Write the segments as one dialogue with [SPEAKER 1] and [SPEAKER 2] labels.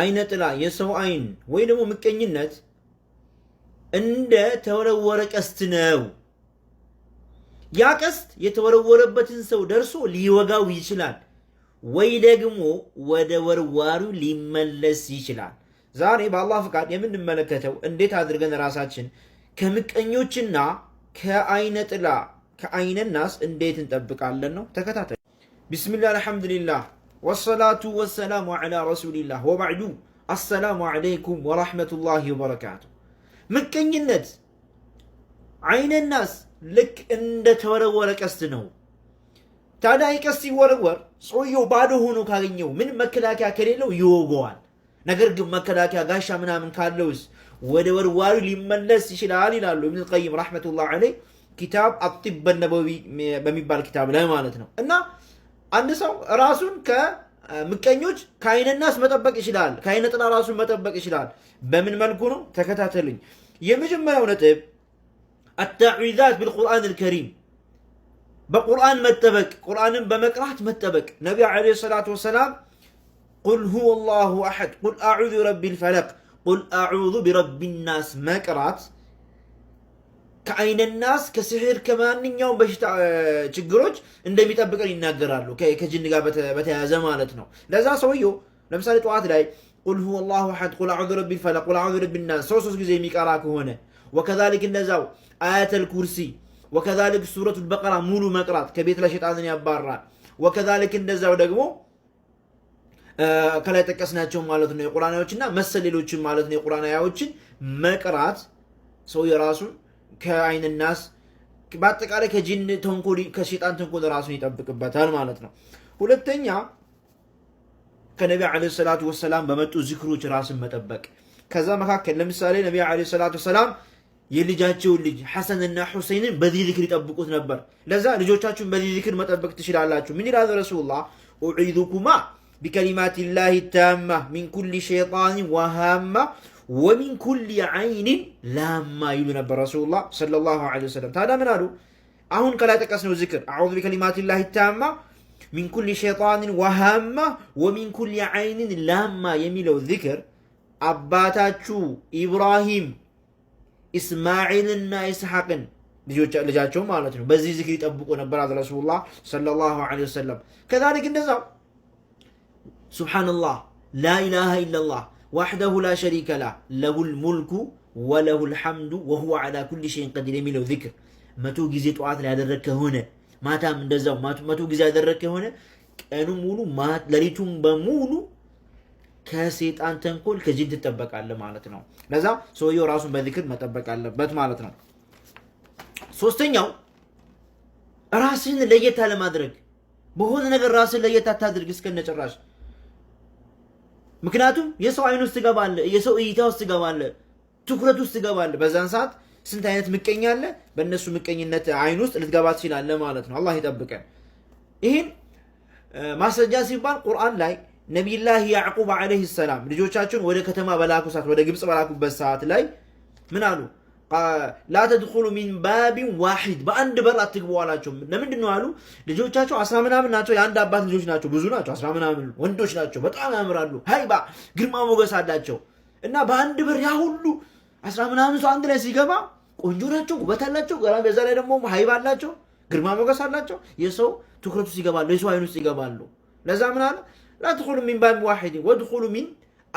[SPEAKER 1] አይነ ጥላ የሰው አይን ወይ ደግሞ ምቀኝነት እንደ ተወረወረ ቀስት ነው። ያ ቀስት የተወረወረበትን ሰው ደርሶ ሊወጋው ይችላል፣ ወይ ደግሞ ወደ ወርዋሪው ሊመለስ ይችላል። ዛሬ በአላህ ፍቃድ የምንመለከተው እንዴት አድርገን ራሳችን ከምቀኞችና ከአይነ ጥላ ከአይነ ናስ እንዴት እንጠብቃለን ነው። ተከታተል። ቢስሚላህ አልሐምዱሊላህ ወሰላቱ ወሰላሙ ዓላ ረሱሊላህ ወባዕዱ አሰላሙ ዓለይኩም ወረሕመቱላሂ ወበረካቱ። ምቀኝነት አይነናስ ልክ እንደተወረወረ ቀስት ነው። ታዲያ ቀስት ይወረወር ሰውየው ባዶ ሆኖ ካገኘው ምን መከላከያ ከሌለው ይወገዋል። ነገር ግን መከላከያ ጋሻ ምናምን ካለውስ ወደ ወርዋሪ ሊመለስ ይችላል ይላሉ ኢብኑል ቀይም ረሕመቱላህ ዐለይህ ኪታብ አጢበ ነበዊ በሚባል ኪታብ ላይ ማለት ነው እና አንድ ሰው ራሱን ከምቀኞች ከአይነናስ መጠበቅ ይችላል። ከአይነ ጥላ ራሱን መጠበቅ ይችላል። በምን መልኩ ነው? ተከታተሉኝ። የመጀመሪያው ነጥብ አተዒዛት ቢልቁርአን አልከሪም በቁርአን መጠበቅ፣ ቁርአንን በመቅራት መጠበቅ። ነቢዩ ዓለይሂ ሰላቱ ወሰላም ቁል ሁወ አላሁ አሐድ፣ ቁል አዑዙ ቢረቢል ፈለቅ፣ ቁል አዑዙ ቢረቢናስ መቅራት ከአይነናስ ከስህር ከማንኛውም በሽታ ችግሮች እንደሚጠብቀን ይናገራሉ። ከጅን ጋር በተያያዘ ማለት ነው። ለዛ ሰውየው ለምሳሌ ጠዋት ላይ ቁልሁ አላሁ አሐድ ቁል አዑዙ ቢረቢል ፈለቅ ቁል አዑዙ ቢረቢን ናስ ሶስት ሶስት ጊዜ የሚቀራ ከሆነ ወከዛሊክ እነዛው አያተል ኩርሲ ወከዛሊክ ሱረቱል በቀራ ሙሉ መቅራት ከቤት ላይ ሸጣንን ያባራል። ወከዛሊክ እንደዛው ደግሞ ከላይ ጠቀስናቸው ማለት ነው የቁርአን አያዎችና መሰል ሌሎችን ማለት ነው የቁርአን አያዎችን መቅራት ሰው የራሱን ከአይንናስ በአጠቃላይ ከጂን ተንኮል ከሴጣን ተንኮል ራሱን ይጠብቅበታል ማለት ነው። ሁለተኛ ከነቢ ዓለይሂ ሰላት ወሰላም በመጡ ዝክሮች ራስን መጠበቅ። ከዛ መካከል ለምሳሌ ነቢ ዓለይሂ ሰላቱ ወሰላም የልጃቸውን ልጅ ሐሰንና ሁሴንን በዚህ ዝክር ይጠብቁት ነበር። ለዛ ልጆቻችሁን በዚህ ዝክር መጠበቅ ትችላላችሁ። ምን ይላል ረሱሉላህ? ኡዒዙኩማ ቢከሊማቲላሂ ታማ ሚን ኩሊ ሸይጣን ወሃማ ወሚን ኩል ዓይኒን ላማ ይሉ ነበር ረሱሉላ ሰለላሁ ዐለይሂ ወሰለም። ታዲያ ምን አሉ? አሁን ከላይ ጠቀስነው ዝክር አዑዙ ቢከሊማቲላሂ ታማ ሚን ኩል ሸይጣንን ወሃማ ወሚን ኩል ዓይንን ላማ የሚለው ዝክር አባታችሁ ኢብራሂም ኢስማዒልና ኢስሐቅን ልጃቸው ማለት ነው። በዚህ ዝክር ይጠብቁ ነበር አለ ረሱሉላ ሰለላሁ ዐለይሂ ወሰለም። ከዛሊክ እንደዛው ሱብሓነላህ ላኢላሃ ኢለላህ ዋሕደሁ ላ ሸሪከ ላ ለሁል ሙልኩ ወለሁል ሐምዱ ወሁወ ዓላ ኩሊ ሸይን ቀዲር የሚለው ዚክር መቶ ጊዜ ጠዋት ላይ ያደረግ ከሆነ ማታም እንደዛው መቶ ጊዜ ያደረግ ከሆነ ቀኑ ሙሉ ሌሊቱን በሙሉ ከሴጣን ተንኮል ከጂን ትጠበቃለህ ማለት ነው። ለዛ ሰውየው ራሱን በዚክር መጠበቅ አለበት ማለት ነው። ሶስተኛው ራስህን ለየት አለማድረግ። በሆነ ነገር ራስህን ለየት አታድርግ እስከነጭራሽ ምክንያቱም የሰው አይን ውስጥ ትገባለ፣ የሰው እይታ ውስጥ ትገባለ፣ ትኩረት ውስጥ ትገባለ። በዛን ሰዓት ስንት አይነት ምቀኛ አለ። በእነሱ ምቀኝነት አይን ውስጥ ልትገባ ትችላለ ማለት ነው። አላህ ይጠብቀን። ይህን ማስረጃ ሲባል ቁርአን ላይ ነቢይላህ ያዕቁብ ዓለይሂ ሰላም ልጆቻቸውን ወደ ከተማ በላኩ ሰዓት፣ ወደ ግብፅ በላኩበት ሰዓት ላይ ምን አሉ? ላተድኩሉ ሚን ባቢን ዋሂድ በአንድ በር አትግቡ አላቸው። ለምንድን ነው አሉ? ልጆቻቸው አስራ ምናምን ናቸው። የአንድ አባት ልጆች ናቸው፣ ብዙ ናቸው፣ አስራ ምናምን ወንዶች ናቸው። በጣም ያምራሉ፣ ሀይባ ግርማ ሞገስ አላቸው። እና በአንድ በር ያ ሁሉ አስራ ምናምን ሰው አንድ ላይ ሲገባ ቆንጆ ናቸው፣ ውበት አላቸው። በዛ ላይ ደግሞ ሀይባ አላቸው፣ ግርማ ሞገስ አላቸው። የሰው ትኩረት ውስጥ ይገባሉ፣ የሰው አይን ውስጥ ይገባሉ። ለዛ ምን አለ? ላተድኩሉ ሚን ባቢን ዋሂድ ወድኩሉ ሚን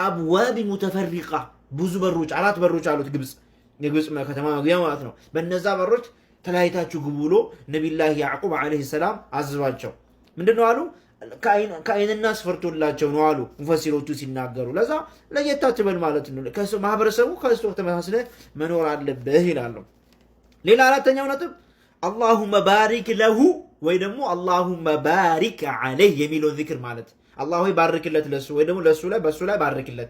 [SPEAKER 1] አብዋቢ ሙተፈሪቃ ብዙ በሮች አራት በሮች አሉት ግብፅ የግብፅ ከተማ መግቢያ ማለት ነው። በነዛ በሮች ተለያይታችሁ ግቡ ብሎ ነቢላህ ያዕቁብ ዓለይሂ ሰላም አዝባቸው ምንድን ነው አሉ ከአይንና አስፈርቶላቸው ነው አሉ ሙፈሲሮቹ ሲናገሩ። ለዛ ለየት አትበል ማለት ነው። ማህበረሰቡ ከእሱ ተመሳስለ መኖር አለብህ ይላሉ። ሌላ አራተኛው ነጥብ አላሁመ ባሪክ ለሁ ወይ ደግሞ አላሁመ ባሪክ አለህ የሚለውን ዚክር ማለት አላህ ባርክለት ለሱ ወይ ደግሞ ለሱ ላይ በሱ ላይ ባርክለት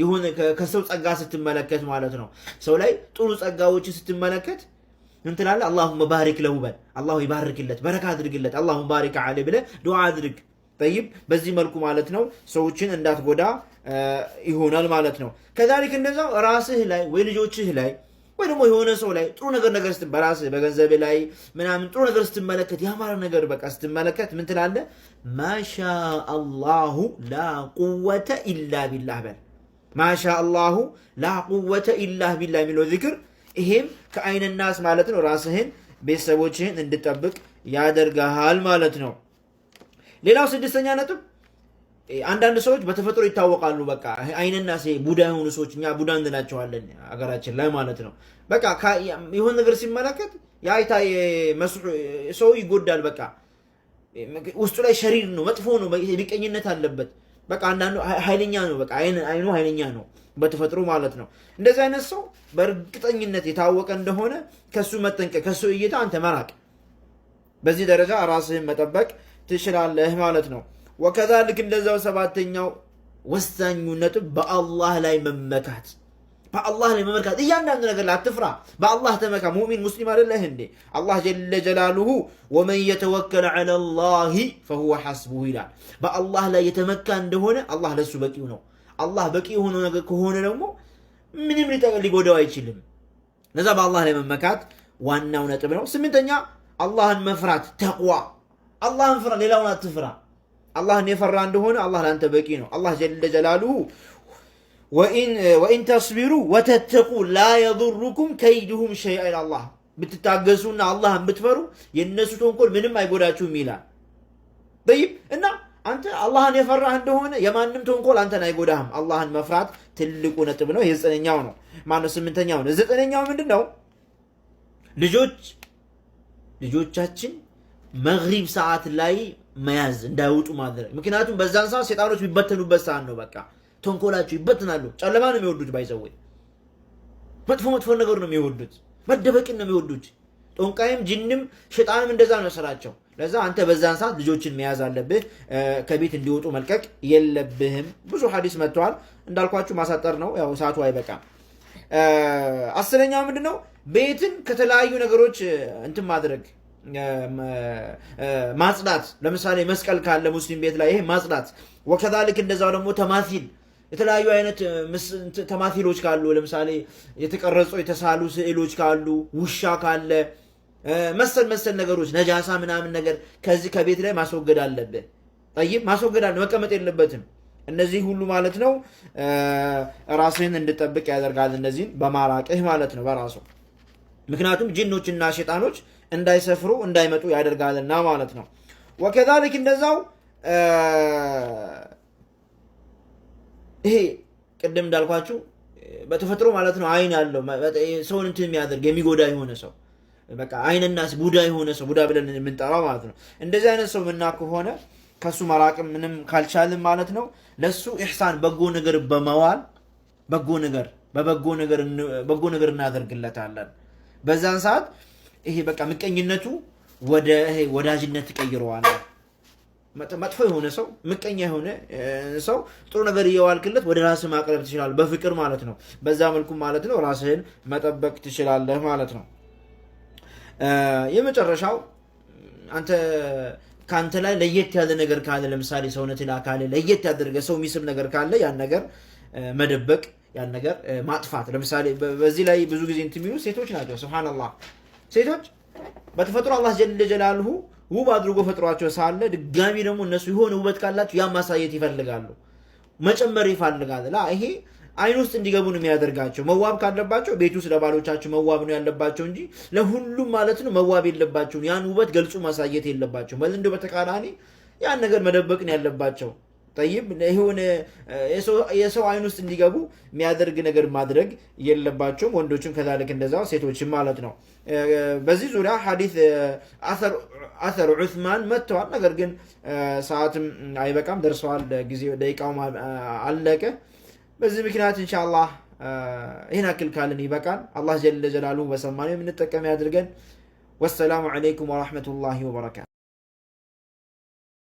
[SPEAKER 1] ይሁን ከሰው ጸጋ ስትመለከት ማለት ነው። ሰው ላይ ጥሩ ጸጋዎችን ስትመለከት እንትላለ አላሁመ ባሪክ ለሁ በል፣ አላሁ ይባርክለት፣ በረካ አድርግለት፣ አላሁመ ባሪክ አለ ብለ ዱዓ አድርግ። ጠይብ በዚህ መልኩ ማለት ነው ሰዎችን እንዳትጎዳ ይሆናል ማለት ነው። ከዛሊክ እንደዛው ራስህ ላይ ወይ ልጆችህ ላይ ወይ ደግሞ የሆነ ሰው ላይ ጥሩ ነገር ነገር በራስህ በገንዘብ ላይ ምናምን ጥሩ ነገር ስትመለከት ያማረ ነገር በቃ ስትመለከት ምን ትላለህ? ማሻ አላሁ ላ ቁወተ ኢላ ቢላህ በል ማሻ አላሁ ላ ቁወተ ኢላህ ቢላ የሚለው ዚክር ይሄም ከአይንናስ ማለት ነው። ራስህን ቤተሰቦችህን እንድጠብቅ ያደርግሃል ማለት ነው። ሌላው ስድስተኛ ነጥብ አንዳንድ ሰዎች በተፈጥሮ ይታወቃሉ። በቃ አይንና ሴ ቡዳ የሆኑ ሰዎች እኛ ቡዳ እንላቸዋለን ሀገራችን ላይ ማለት ነው። በቃ የሆን ነገር ሲመለከት የአይታ ሰው ይጎዳል። በቃ ውስጡ ላይ ሸሪር ነው፣ መጥፎ ነው፣ ቢቀኝነት አለበት በቃ አንዳንዱ ኃይለኛ ነው። በቃ አይኑ ኃይለኛ ነው በተፈጥሮ ማለት ነው። እንደዚህ አይነት ሰው በእርግጠኝነት የታወቀ እንደሆነ ከሱ መጠንቀቅ፣ ከሱ እይታ አንተ መራቅ፣ በዚህ ደረጃ ራስህን መጠበቅ ትችላለህ ማለት ነው። ወከዛልክ እንደዛው ሰባተኛው ወሳኙ ነጥብ በአላህ ላይ መመካት በአላህ ላይ መመልካት እያንዳንዱ ነገር ላይ አትፍራ። በአላህ ተመካ። ሙእሚን ሙስሊም አይደለህ እንዴ? አላህ ጀለ ጀላሉሁ ወመን የተወከለ ዐለላሂ ፈሁወ ሐስቡሁ ይላል። በአላህ ላይ የተመካ እንደሆነ አላህ ለሱ በቂው ነው። አላህ በቂ የሆነ ነገር ከሆነ ደግሞ ምንም ሊጎዳው አይችልም። ለዛ በአላህ ላይ መመካት ዋናው ነጥብ ነው። ስምንተኛ አላህን መፍራት ተቅዋ። አላህን ፍራ፣ ሌላውን አትፍራ። አላህን የፈራ እንደሆነ አላህ ለአንተ በቂ ነው። አላህ ጀለ ጀላሉሁ ወኢን ተስቢሩ ወተተቁ ላ የዱሩኩም ከይድሁም ሸይአ አላህ ብትታገሱና አላህን ብትፈሩ የእነሱ ተንኮል ምንም አይጎዳችሁም ይላል። ጠይብ እና አንተ አላህን የፈራህ እንደሆነ የማንም ተንኮል አንተን አይጎዳህም። አላህን መፍራት ትልቁ ነጥብ ነው። የዘጠነኛው ነው ማነ ስምንተኛው ነው። ዘጠነኛው ምንድን ነው? ልጆች ልጆቻችን መግሪብ ሰዓት ላይ መያዝ እንዳይወጡ ማድረግ። ምክንያቱም በዛን ሰዓት ሴጣኖች የሚበተኑበት ሰዓት ነው በቃ ተንኮላቸው ይበትናሉ። ጨለማ ነው የሚወዱት። ባይዘው መጥፎ መጥፎ ነገር ነው የሚወዱት። መደበቅን ነው የሚወዱት። ጦንቃይም ጅንም ሽጣንም እንደዛ ነው ስራቸው። ለዛ አንተ በዛን ሰዓት ልጆችን መያዝ አለብህ። ከቤት እንዲወጡ መልቀቅ የለብህም። ብዙ ሀዲስ መጥተዋል። እንዳልኳችሁ ማሳጠር ነው ያው ሰዓቱ አይበቃም። አስረኛው ምንድን ነው? ቤትን ከተለያዩ ነገሮች እንትን ማድረግ ማጽዳት። ለምሳሌ መስቀል ካለ ሙስሊም ቤት ላይ ይሄ ማጽዳት ወከዛልክ እንደዛው ደግሞ ተማሲል የተለያዩ አይነት ተማቴሎች ካሉ ለምሳሌ የተቀረጹ የተሳሉ ስዕሎች ካሉ፣ ውሻ ካለ መሰል መሰል ነገሮች ነጃሳ ምናምን ነገር ከዚህ ከቤት ላይ ማስወገድ አለብህ። ጠይብ ማስወገድ አለ መቀመጥ የለበትም። እነዚህ ሁሉ ማለት ነው ራስህን እንድጠብቅ ያደርጋል። እነዚህን በማራቅህ ማለት ነው በራሱ ምክንያቱም ጅኖችና ሸጣኖች እንዳይሰፍሩ እንዳይመጡ ያደርጋልና ማለት ነው። ወከዛሊክ እንደዛው ይሄ ቅድም እንዳልኳችሁ በተፈጥሮ ማለት ነው። አይን ያለው ሰውን እንትን የሚያደርግ የሚጎዳ የሆነ ሰው በቃ አይንና ቡዳ የሆነ ሰው ቡዳ ብለን የምንጠራው ማለት ነው። እንደዚህ አይነት ሰው ምና ከሆነ ከሱ መራቅም ምንም ካልቻልም ማለት ነው ለሱ ኢሕሳን በጎ ነገር በመዋል በጎ ነገር በበጎ ነገር እናደርግለታለን። በዛን ሰዓት ይሄ በቃ ምቀኝነቱ ወደ ወዳጅነት ትቀይረዋለን። መጥፎ የሆነ ሰው ምቀኛ የሆነ ሰው ጥሩ ነገር እየዋልክለት ወደ ራስ ማቅረብ ትችላለህ፣ በፍቅር ማለት ነው። በዛ መልኩ ማለት ነው ራስህን መጠበቅ ትችላለህ ማለት ነው። የመጨረሻው አንተ ከአንተ ላይ ለየት ያለ ነገር ካለ ለምሳሌ ሰውነት ላካለ ለየት ያደረገ ሰው የሚስብ ነገር ካለ ያን ነገር መደበቅ፣ ያን ነገር ማጥፋት። ለምሳሌ በዚህ ላይ ብዙ ጊዜ እንትን የሚሉ ሴቶች ናቸው። ስብሓነላህ ሴቶች በተፈጥሮ አላህ ጀለ ጀላልሁ ውብ አድርጎ ፈጥሯቸው ሳለ ድጋሚ ደግሞ እነሱ የሆነ ውበት ካላቸው ያ ማሳየት ይፈልጋሉ፣ መጨመር ይፈልጋል። ላ ይሄ አይን ውስጥ እንዲገቡ ነው የሚያደርጋቸው። መዋብ ካለባቸው ቤት ውስጥ ለባሎቻቸው መዋብ ነው ያለባቸው እንጂ ለሁሉም ማለት ነው መዋብ የለባቸውም። ያን ውበት ገልጹ ማሳየት የለባቸው። መልንዶ በተቃራኒ ያን ነገር መደበቅ ነው ያለባቸው። ጠይብ የሆነ የሰው አይን ውስጥ እንዲገቡ የሚያደርግ ነገር ማድረግ የለባቸውም። ወንዶችም ከዛልክ እንደዛው ሴቶችም ማለት ነው። በዚህ ዙሪያ ሐዲስ አተር ዑስማን መጥተዋል። ነገር ግን ሰዓትም አይበቃም ደርሰዋል፣ ጊዜ ደቂቃው አለቀ። በዚህ ምክንያት ኢንሻአላህ ይህን አክል ካልን ይበቃል። አላህ ጀለ ጀላሉ በሰማነው የምንጠቀም ያድርገን። ወሰላሙ አለይኩም ወራህመቱላሂ ወበረካቱ